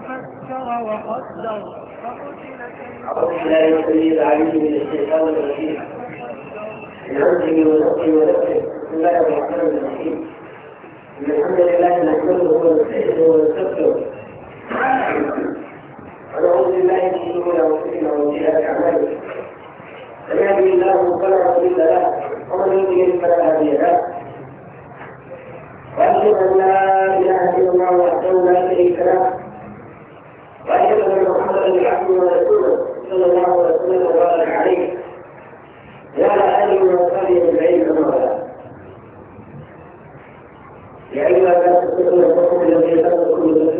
فكر وقدر أعوذ بالله السميع العليم من الشيطان الرجيم من عزه ونفسه ونفسه بسم الله الحمد لله نحمده ونستعينه ونستغفره ونعوذ بالله من شرور أنفسنا وسيئات أعمالنا من يهده الله فلا مضل له ومن يضلل فلا هادي له وأشهد أن لا إله إلا الله صل على رسوله صلى الله عليه وسلم وبارك عليه ولا أدري ما قال العلم ولا الناس اتقوا من نفس واحدة وخلق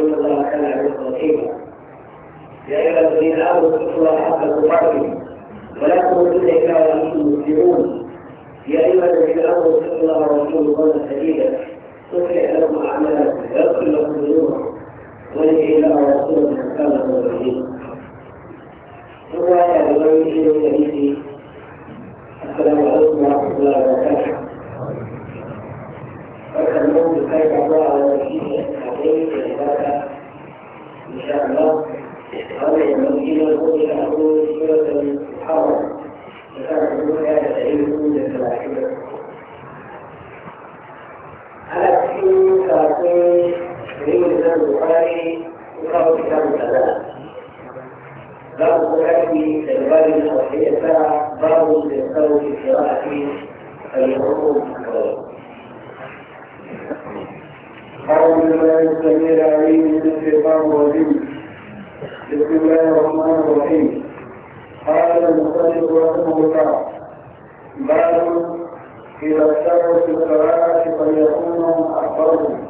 منها يا أيها الذين آمنوا اتقوا الله حق تقاته ولا تموتن إلا وأنتم مسلمون يا ايها الذين امنوا اتقوا الله ورسوله قولا سديدا يصلح لكم اعمالكم ويغفر لكم ذنوبكم ومن يطع الله ورسوله فقد فاز فوزا عظيما ثم يا بغير الحديث السلام عليكم ورحمه الله وبركاته فكر اليوم بخير الله على نفسه عليه العباده ان شاء الله هذا ينبغي ان يكون له سوره محرمه على سكين كاتين من الإمام البخاري يقرأ كتاب الأذان باب الصلاة في الوالد الأضحية الساعة باب في قراءة الحروف أعوذ بالله السميع العليم من الشيطان الرجيم بسم الله الرحمن قال المصنف رحمه الله باب إذا اشتروا في الصلاة فليكونوا أخبرهم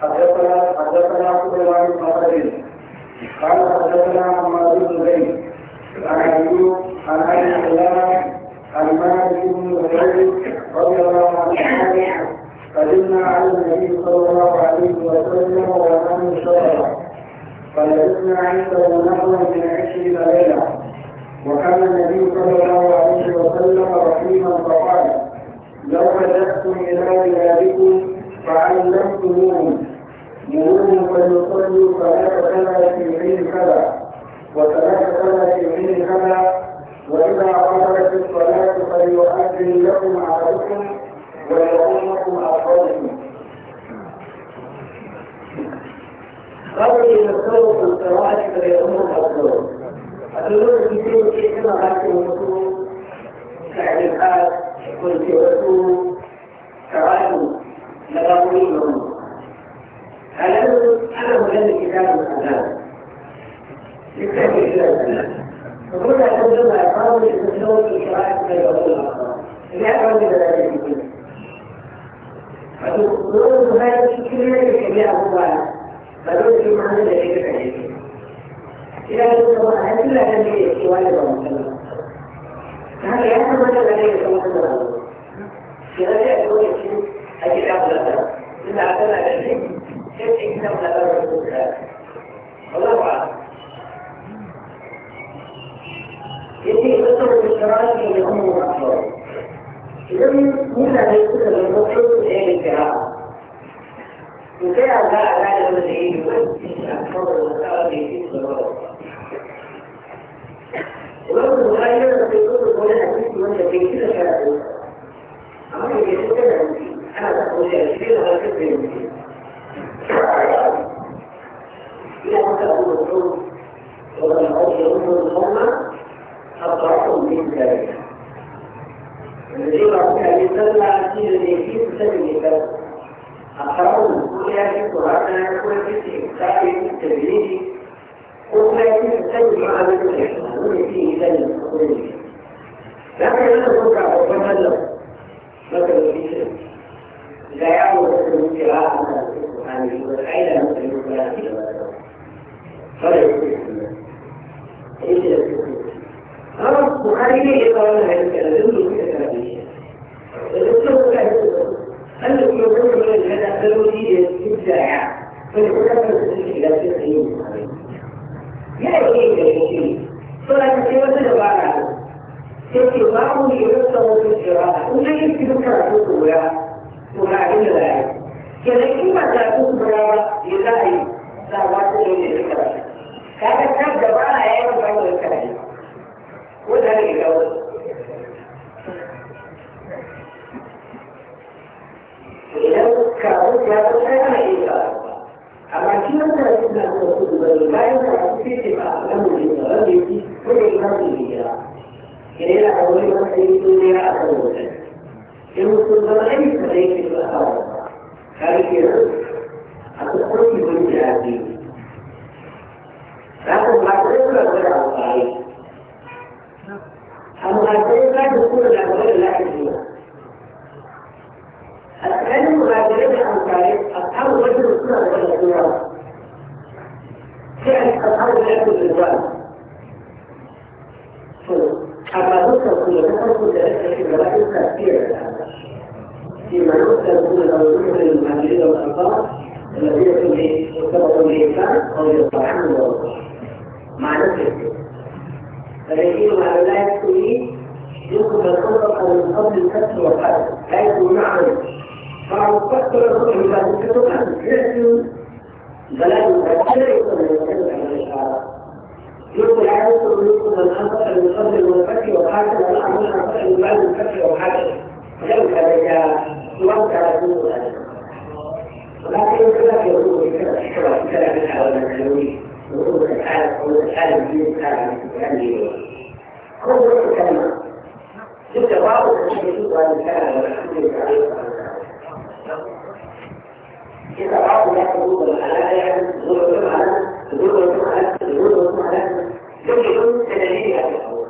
حدثنا حدثنا عبد الله بن مقدم قال حدثنا عمار بن زيد عن أيوب عن أبي عن مالك بن زيد رضي الله عنه قدمنا على النبي صلى الله عليه وسلم ونحن شرعا فلبثنا عنده نحو من عشرين ليله وكان النبي صلى الله عليه وسلم رحيما فقال لو رجعتم إلى بلادكم فعلمتموهم مروهم فليصلوا ثلاث سنة في حين كذا وثلاث سنة في حين كذا وإذا قرأت الصلاة فليؤذن لكم عليكم إنه لم كريلا أولي ما سيد الدنيا أولي المسلمين ليس ليس الأول كاريكيرا أتقول من جهاتي لكن ما تقول غير أوصاري أما هذه لا تكون الأولى لا تكون أتكلم مهاجرين الأنصاري أصحاب رجل السنة والأسرار فعل أصحاب الأكل بالوالد أما نسخة الأولى تدخل ذلك الجوائز تأثير فيما نسخة الأولى أو نسخة للمهاجرين والأنصار الذين ارتبطوا بالإنسان أو بالطعام والرزق مع نسخة فالذين هؤلاء يكفي يمكن الخطر من قبل الكسر والحدث لا يكون معهم بعض الكسر والحدث لا يكون بلاء الكسر يقول عادة ويقول من أنفق المصدر والفتح وحاكم أن أعمل أنفق المال والفتح وحاكم لو كذلك يوم ثلاثين وثلاثين ولكن الخلاف يقول كما في كلام الحوالي الحلوي يقول الحالة يقول الحالة الدين الحالة الدين هو نفس الكلمة جبت بعض الشيء وأن كان الحمد لله عليه وسلم إذا بعض لا يقول الحلال يعني ظلم على الأردن وصنع لك الأردن وصنع لك لم يكن سنانية في الأول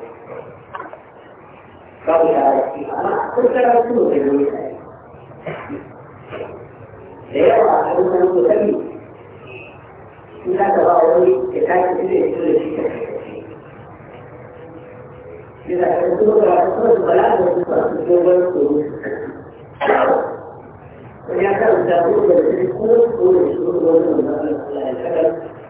قبل فيها أنا كنت لا أكون في المنزل سيرى أنه تسمي إذا تضاعوا كتاب الذي يدل في إذا كنتم لا تخرج ولا تخرج ويعتمد ذلك بالسكون والشروط والمنافع على الحكم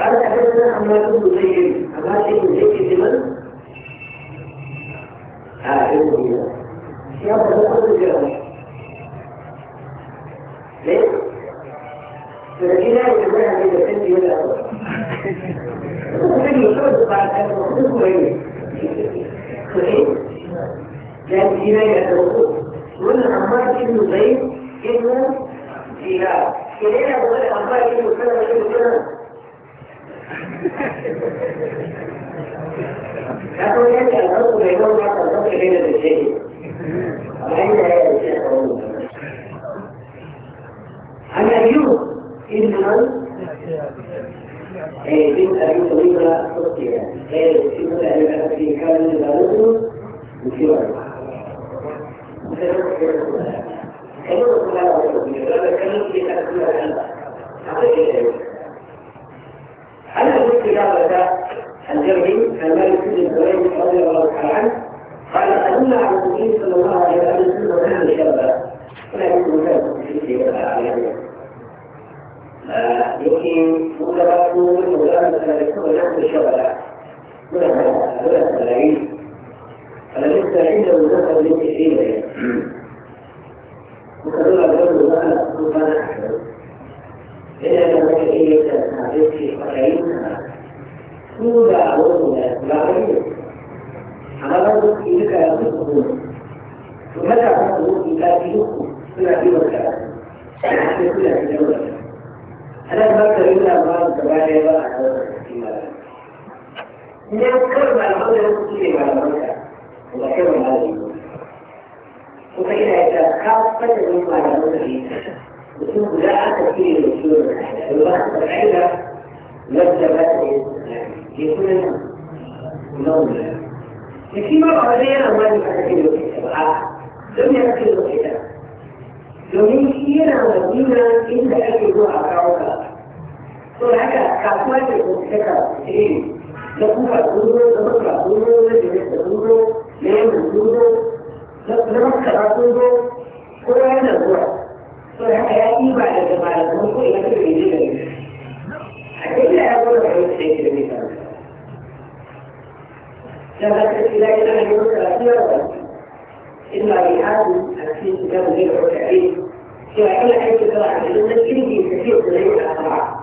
قال حدثنا عمار بن زيد عمار بن زيد لمن؟ عائل بن شاب بن زيد ليه؟ فلكن لا يتبع من الكلب ولا أول. فلكن يخرج بعد أن يخرج إليه. صحيح؟ لكن هنا يتوقف. من عمار بن زيد إنه جهاد. إلينا بقول عمار بن سلمة بن سلمة أقول لك الفرق بينهم الفرق بين الشيء وأين هي الشيء عن أيوب ابن من؟ أي ابن أبي طبيبة أختي أي ابن أبي أختي كان يبالغ مثير أيوب كان يبالغ مثير أيوب كان يبالغ مثير على وجه كتابة الجرعي عن مالك بن رضي الله تعالى عنه قال أن عن النبي صلى الله عليه وسلم كان شابا ولا يكون كان في شيء لكن مدرسة مدرسة يكون نحن شبلا ولا ملايين تلاعيب فلم يستعين بالنسبة للمسلمين shi ma ba wani yana ma ne aka ce lokacin ba don ya kace lokacin domin shi yana madina inda ake zuwa a kawo ka to da haka kasuwa ce ko ta kasuwa na kuka duro na maka duro na jirgin duro na yamma duro na maka duro ko yana zuwa to da haka ya yi ba da jama'a da kuma ko ina ta da ne a cikin da ya zo da wani sai da ne ذهبت إلى أن يرسل سيرة إما بحال في كتاب غير التعريف في كل حيث ترى عن الجنة كلمة كثير تلعين على طبعا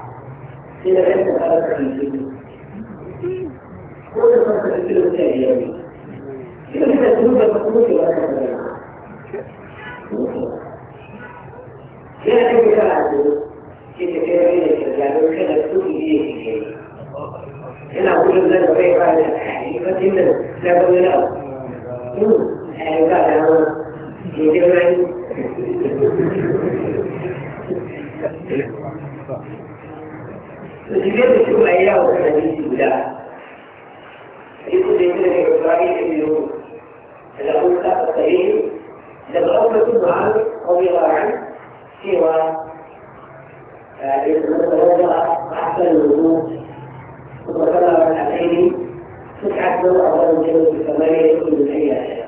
إلى أن تقرأ في الجنة ولا تنسى الكلمة الثانية إذا كانت الذنوب المقبولة ولا تنسى يا أخي ترى عن الجنة كيف كان بينك يعني وكان هنا أقول إن أنا بقى بعد الحقيقة جدا لا بقول لا أيوة أنا يدير معي فكيف تشوف أيام الحديث بالله يقول لي إن إسرائيل يقول الأول الصغير لما أخذت معه رضي الله عنه سوى أحسن الوجود وذكر ركعتين تسعة أول جزء الثمانية كل حية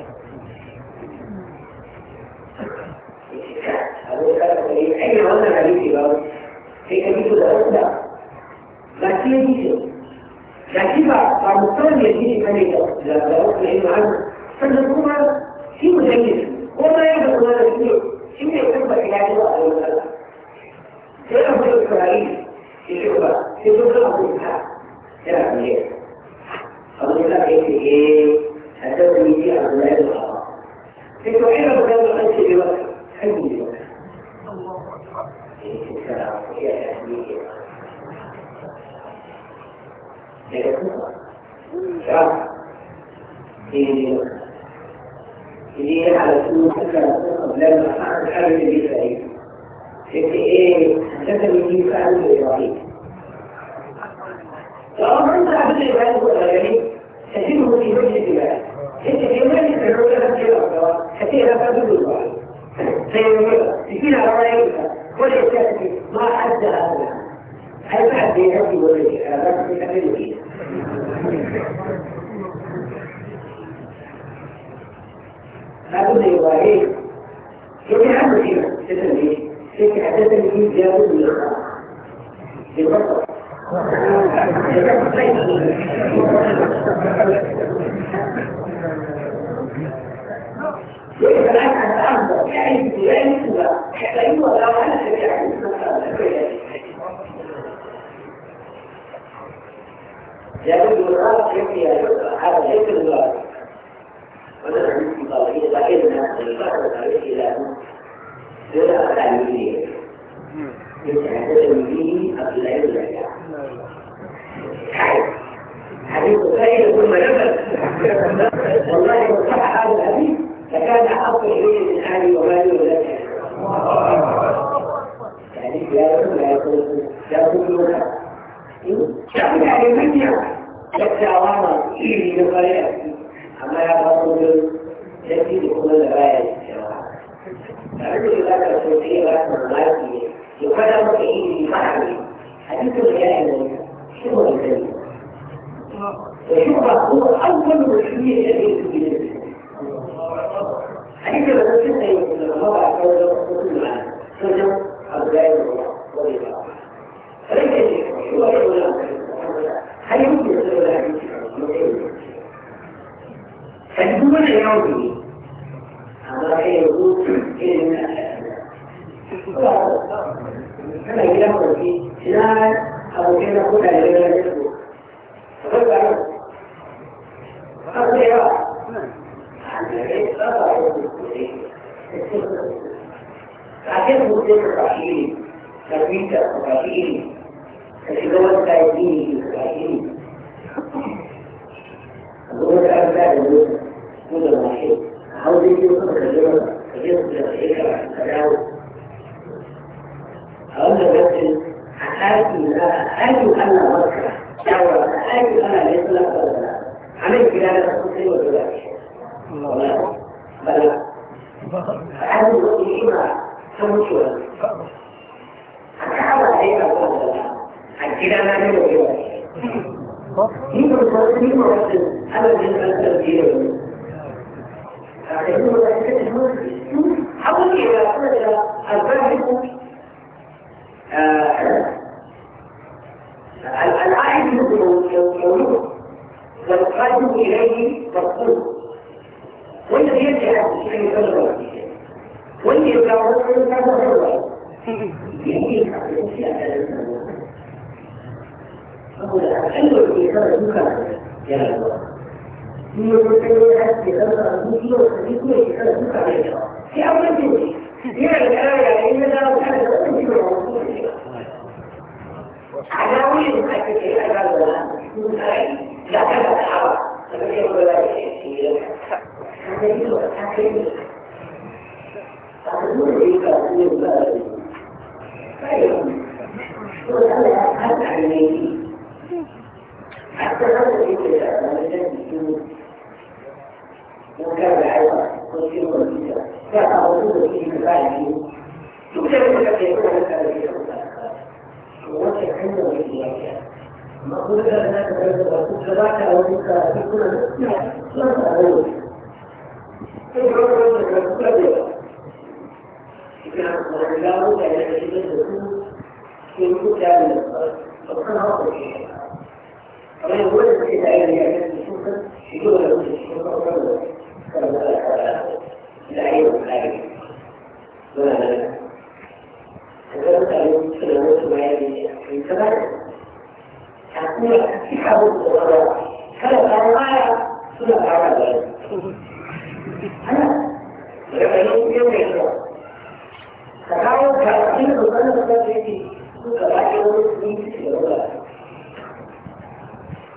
أي معنى الحديث بقى في حديث الأولى ما في حديث لكن فمقام يدين من يتوقف لأنه عنه فنقوم في مجلس وما يعرف هذا الشيء شيء يحب في هذا الله عليه وسلم سيرة إسرائيل في شعبة في شعبة yana da yawa. Abu لابد يبقى ايه؟ يبقى عنده كده فكرة ايه؟ فكرة اساسا دي لابد من الاختراع يبقى يبقى العكس عن الأرض يعني يعني حتى يوضع على لابد من هذا الشيء هذا الشيء المبارك ونحن مطالبين لكننا البحث الى الى التعليميه يتعلم به قبل العلم حديث سيد ثم جبل والله لو صح هذا الحديث لكان احق اليه من اهلي ومالي وذاتي يعني لا يكون لا يكون لا يكون كان يعني من يوم حتى عوامة إيه لقرية أما يا رسول يزيد كل الغاية أرجو لك سوتي رحمة الله يقدم إيه لمعنى حديث الغاية شو الغاية وشوف هو أول مشكلة يزيد بالنسبة حديث الغاية يقول الله عز وجل كل معنى سجن أبداء الله ولله فليس هل يمكن أن يصير لها فالدول العربية هذا حين يقول إن كما يقول في سنان أو كما يقول على غير الأسبوع فقد عرف فقد العراق فأكيد مسلم الرحيم تربية الرحيم الحجوات العائدين العائدين الظهور الأربع الظهور من الوحيد حوض يوصل الجنة يوصل الحجرة تداوي أولا بس أحاكي لا أحاكي أنا بكرة شعور أحاكي أنا ليس لك ولا عمل كلام الخطي ولا الله بلى أحد الوحيد ما سمت ولا إذا ما يوجد يمكن الصوت يمكن الصوت أبدا أن تبديله حول إلى إلى الباحث العائد موجود والقادم إليه مطلوب والذي يجعل في الجنة والذي يجعل في الجنة أيوة في هذا المكان يا الله من المسلمين في هذا المكان في هذا المكان في أول جزء يعني الآية إن لا حتى هذا الكتاب من جد الجنود وكان الحيوان قصير والكتاب كان موجود فيه مفاعل يمكن أن يكون هذا الكتاب ووجه عنده الإياكات مقولة أنك تجد فذاك أو أنت في كل مسلم لا تعود كيف يمكن أن تكون هذا كان الله لا بد أن يجد الجنود في كتاب الله سبحانه وتعالى فمن هو الذي لا يعرف الشرطة يقول له الشرطة وكذا لا يعرف ذلك ولا كذلك يمكن أن يكون في كمان تقول كتاب القرآن كلا القرآن سنة القرآن أنا لما يمكن أن يكون تقاوم تعطيل وكذا كذا كذا كذا كذا كذا كذا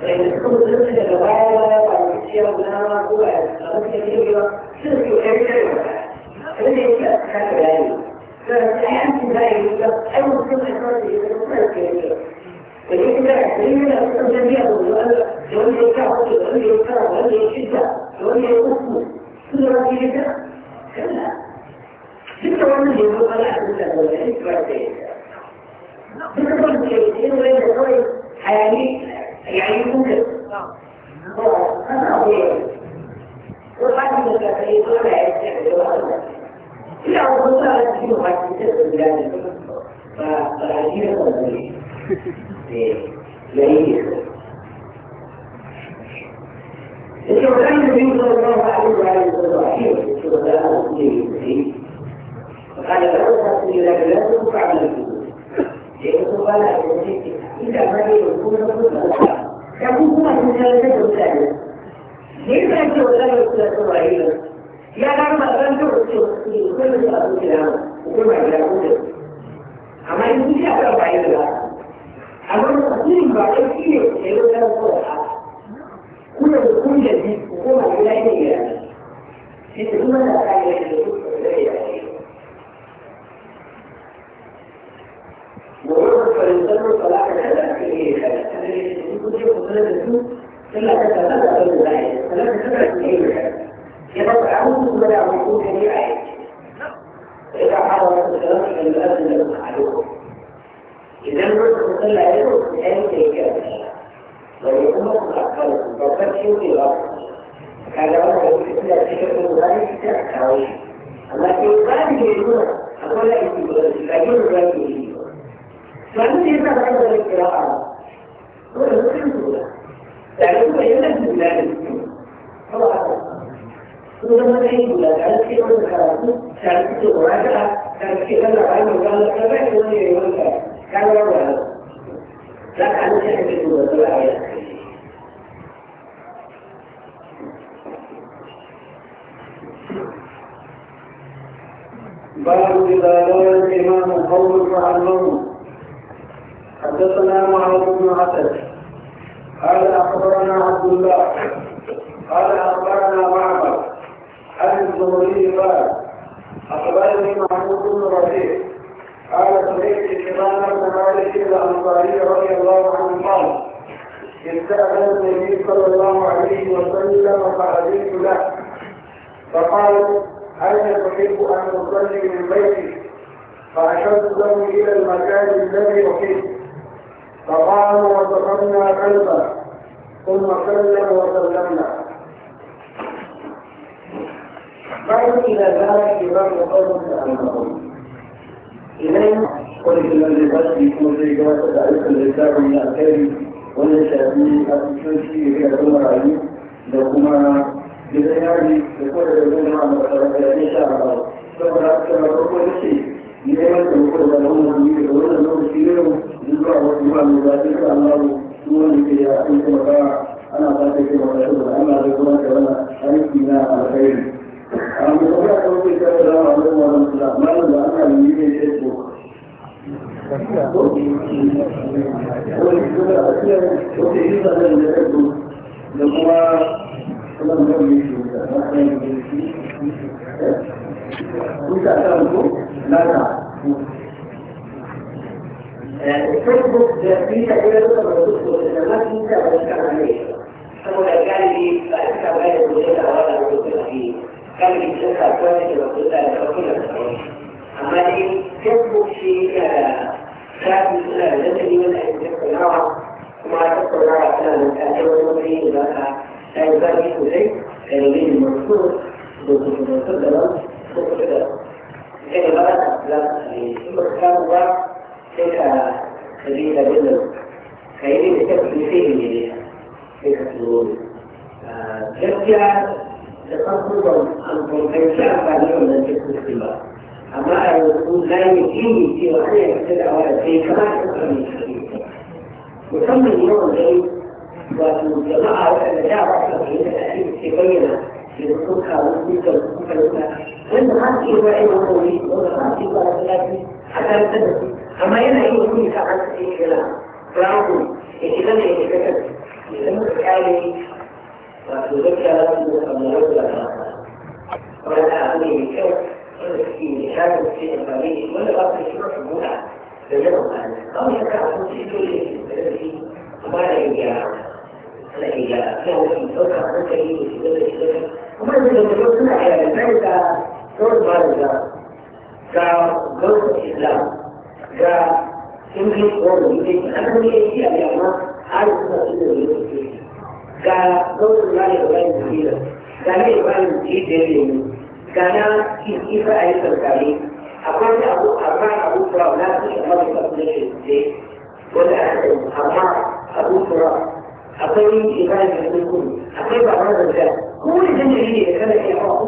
فإن الكتب تنتج الرواية والكتير والنار والأمور كثيرة تنتج الكتب فلن يجب أسكان العلم فالحياة لا يجب أول كتب الكتب يجب فلكن الحسنين أصلا جميعا وأن يكعب وأن يكعب وأن يشد وأن يقصد كل ما يجب كلا ذكر أنه يقول عنه شيء إذا روى الإمام قول فعلمه حدثنا معاذ بن عسد قال أخبرنا عبد الله قال أخبرنا معبد عن الزهري قال أخبرني محمود بن رفيع قال سمعت إمام مالك الأنصاري رضي الله عنه قال استأذن النبي صلى الله عليه وسلم فأذنت له فقال أين تحب أن تصلي من بيتي فأشرت له إلى المكان الذي أحب فقال وصفنا قلبا ثم سلم وسلمنا فإن إلى ذلك باب قوم أنهم إليه ولكن الذي بدي يكون زي جواسة تعريف الإسلام من الأكاري ولا شابي أتشوشي هي الأمر عليه لو كما بذياري يقول الأمر عن الأسرة إن شاء الله فبرا كما تقول شيء لأيما تقول الأمر عليه ولا نور سيره نزرع وإمام ذاتك الله سوى لكي أعطيك مقاع أنا أعطيك مقاع أما ذكرك وأنا أعرفنا على خير Eh, Facebook da Twitter, ya yi wata da su da na Twitter da suka amma yana yi wasu ne kamar su yi gila ramu ya ke zama ya ke kasar ya zama su kare wato zakiya za su zuwa kamar yau da ba wani abu ne mai kyau wanda suke yi shafin su yi amfani da wanda ba su shi masu buɗa da zama ba ne kawai ya ka abu shi dole ne da zai amma da ya gyara ana iya gyara kan wasu ɗaukar hankali da shi zama shi zama kuma da zama yau suna iya da zai ga kawai ba da ga ga gausa islam ya English or English, anda boleh isi ada apa? Ada sesuatu yang boleh Kalau kau tidak ada orang yang dia, kalau ada orang yang dia dia ini, kalau kita ada terkali, apa yang aku apa yang aku pernah nanti apa yang aku boleh isi, boleh ada apa aku pernah apa yang kita ada dengan aku, apa yang aku ada dengan aku, kau ini jadi dia kalau dia aku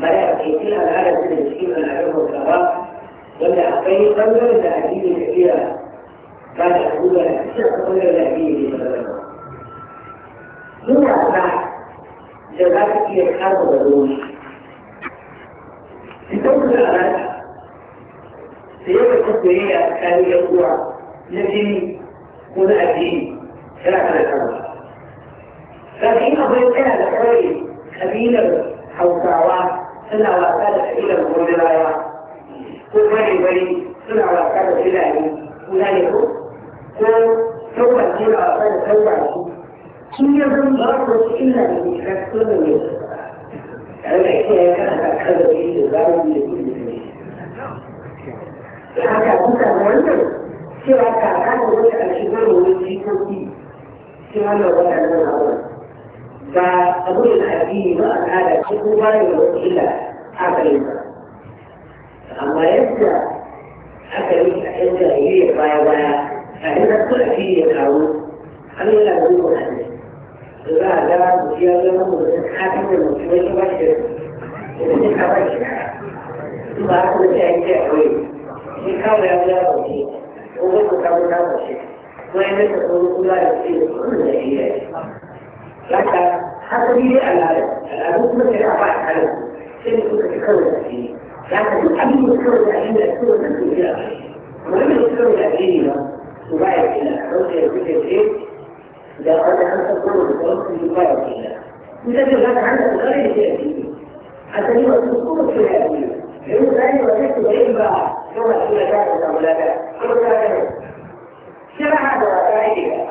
ملاك في العالم المسكين العلم والثراء ولا أقيم قبل تأكيد كثيرا كان أقول قبل تأكيد هنا بعد جماعة الحرب والروح في كل الأمانة سيبقى التسوية كان يقوى نبي هنا أدين ba su da yayi da wai shi kawai ya ya wuce ko ko ka ka wuce ko ne ka so ku la da shi ko da shi laka hakuri ne Allah Allah kuma sai a ba ka sai ku ka kawai da shi laka duk abin da kawai da inda su da su ya wani da kawai da shi ne su ba ya kila ko sai ku ce da wata hanka ko da su ba ya kila إذا كانت عندك غير تأثير حتى يبقى تكون في الأدوية يوم ثاني وجدت بعيد بقى ثم تقول كذا ولا كذا ثم كذا شبه هذا وسائل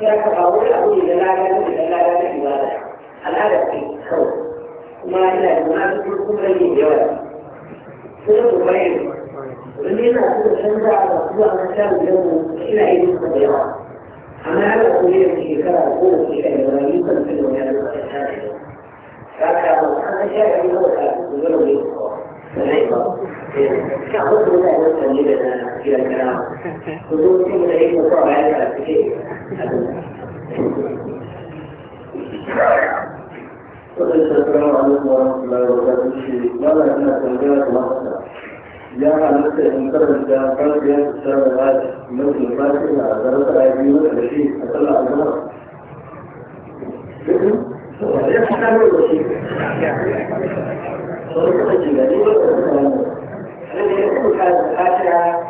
شبه تقول أقول إذا لا كذا إذا لا كذا إذا لا كذا الهدف في خوف وما إلا المنافق يكون بين جواب سلوك بين ولما أقول الحمد على أسبوع ما كان اليوم إلى أيدي الخيرات أما هذا أقول في كذا أقول في كذا ولا يمكن في الولايات المتحدة فهذا هو أنا شايف أنه خذ من أن نسلمنا إلى الكلام خذوا من أن نصاب عليك على الشيء السلام عليكم ورحمة الله وبركاته. ماذا أنا تنجرة مصر؟ يا حلقة انتر الجامعة كانت تشتغل الآن مثل الفاتحة على درجة العيبين الرشيد أطلع الجمهور. يحتمل الرشيد. صدق الجمالية الذي يكون هذا الفاتحة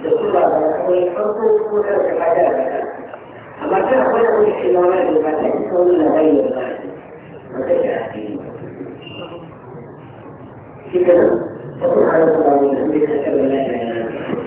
للصورة والحرق وكذلك الحاجات أما كان خير من الحيوانات التي تكون غير الغالب في كلام تقول على الله من أمريكا كما لا